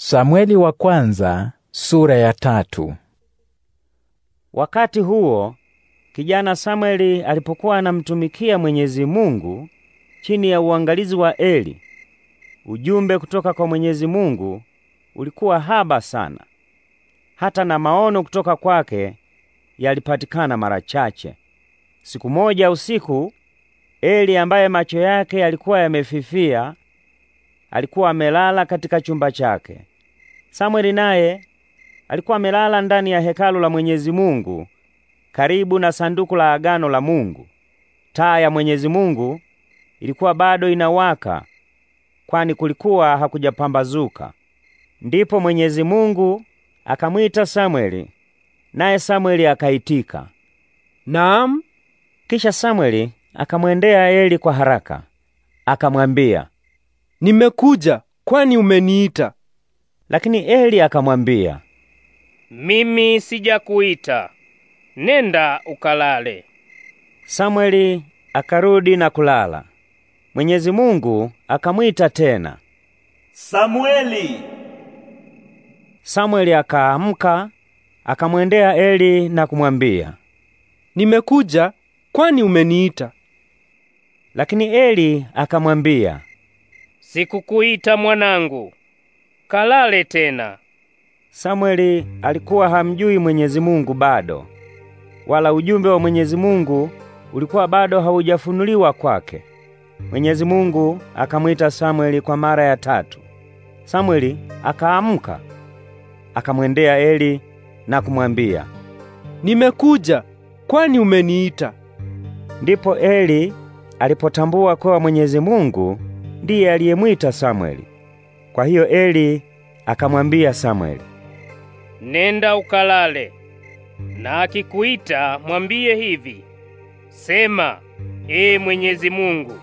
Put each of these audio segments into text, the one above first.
Samweli wa kwanza, sura ya tatu. Wakati huo kijana Samweli alipokuwa anamtumikia Mwenyezi Mungu chini ya uangalizi wa Eli, ujumbe kutoka kwa Mwenyezi Mungu ulikuwa haba sana. Hata na maono kutoka kwake yalipatikana mara chache. Siku moja usiku, Eli ambaye macho yake yalikuwa yamefifia alikuwa amelala katika chumba chake. Samweli naye alikuwa amelala ndani ya hekalu la Mwenyezi Mungu karibu na sanduku la agano la Mungu. Taa ya Mwenyezi Mungu ilikuwa bado inawaka, kwani kulikuwa hakujapambazuka. Ndipo Mwenyezi Mungu akamwita Samweli, naye Samweli akaitika, naam. Kisha Samweli akamwendea Eli kwa haraka akamwambia nimekuja kwani umeniita. Lakini Eli akamwambia, mimi sijakuita, nenda ukalale. Samweli akarudi na kulala. Mwenyezi Mungu akamwita tena, Samweli. Samweli akaamka akamwendea Eli na kumwambia, nimekuja kwani umeniita? Lakini Eli akamwambia, sikukuita mwanangu, kalale tena. Samweli alikuwa hamjui Mwenyezi Mungu bado, wala ujumbe wa Mwenyezi Mungu ulikuwa bado haujafunuliwa kwake. Mwenyezi Mungu akamwita Samweli kwa mara ya tatu. Samweli akaamka akamwendea Eli na kumwambia, nimekuja, kwani umeniita? Ndipo Eli alipotambua kuwa Mwenyezi Mungu ndiye aliyemwita Samweli. Kwa hiyo Eli akamwambia Samweli, nenda ukalale, na akikuita mwambie hivi, sema, ee Mwenyezi Mungu,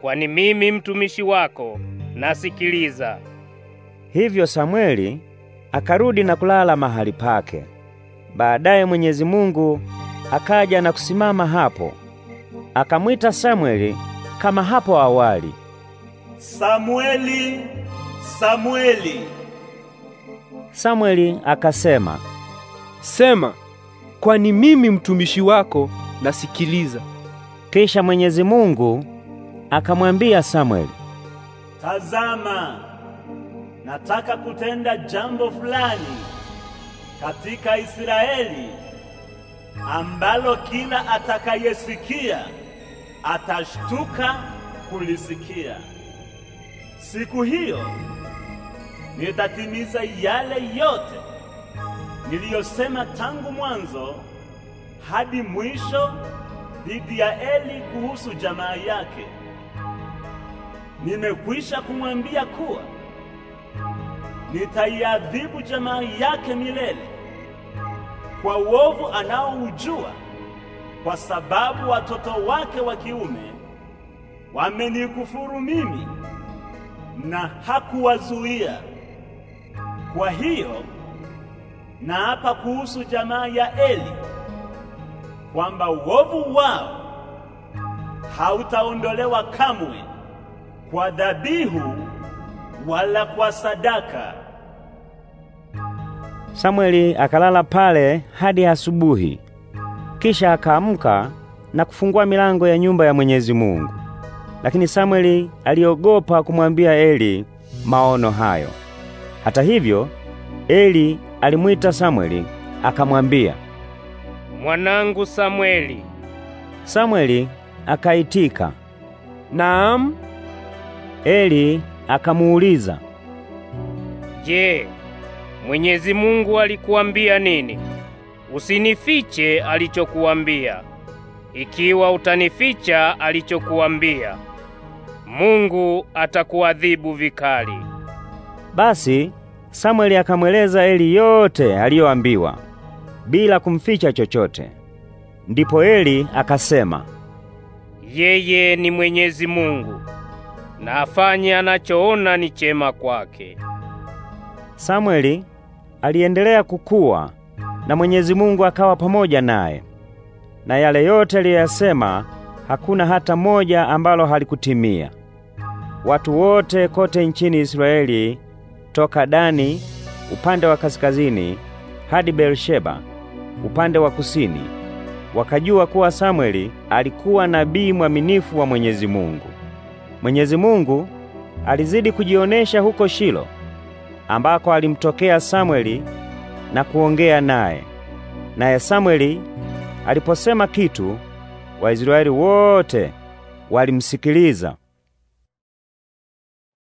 kwani mimi mtumishi wako nasikiliza. Hivyo Samweli akarudi na kulala mahali pake. Baadaye Mwenyezi Mungu akaja na kusimama hapo akamwita Samweli kama hapo awali. Samueli, Samueli. Samueli akasema, Sema, kwani mimi mtumishi wako nasikiliza. Kisha Mwenyezi Mungu akamwambia Samueli, Tazama, nataka kutenda jambo fulani katika Israeli ambalo kila atakayesikia atashtuka kulisikia. Siku hiyo nitatimiza yale yote niliyosema tangu mwanzo hadi mwisho dhidi ya Eli kuhusu jamaa yake. Nimekwisha kumwambia kuwa nitaiadhibu jamaa yake milele kwa uovu anaoujua, kwa sababu watoto wake wa kiume wamenikufuru mimi na hakuwazuia. Kwa hiyo naapa kuhusu jamaa ya Eli kwamba uovu wao hautaondolewa kamwe kwa dhabihu wala kwa sadaka. Samweli akalala pale hadi asubuhi, kisha akaamka na kufungua milango ya nyumba ya Mwenyezi Mungu lakini Samweli aliogopa kumwambia Eli maono hayo. Hata hivyo, Eli alimwita Samweli akamwambia, mwanangu Samweli. Samweli akaitika, naam. Eli akamuuliza, je, Mwenyezi Mungu alikuambia nini? Usinifiche alichokuambia. Ikiwa utanificha alichokuambia, Mungu atakuadhibu vikali. Basi Samweli akamweleza Eli yote aliyoambiwa bila kumficha chochote. Ndipo Eli akasema, yeye ni Mwenyezi Mungu na afanye anachoona ni chema kwake. Samweli aliendelea kukua na Mwenyezi Mungu akawa pamoja naye, na yale yote yasema hakuna hata moja ambalo halikutimia. Watu wote kote nchini Israeli toka Dani upande wa kaskazini hadi Beersheba upande wa kusini wakajua kuwa Samweli alikuwa nabii mwaminifu wa Mwenyezi Mungu. Mwenyezi Mungu alizidi kujionesha huko Shilo ambako alimtokea Samweli na kuongea naye. Naye Samweli aliposema kitu Waisraeli wote walimsikiliza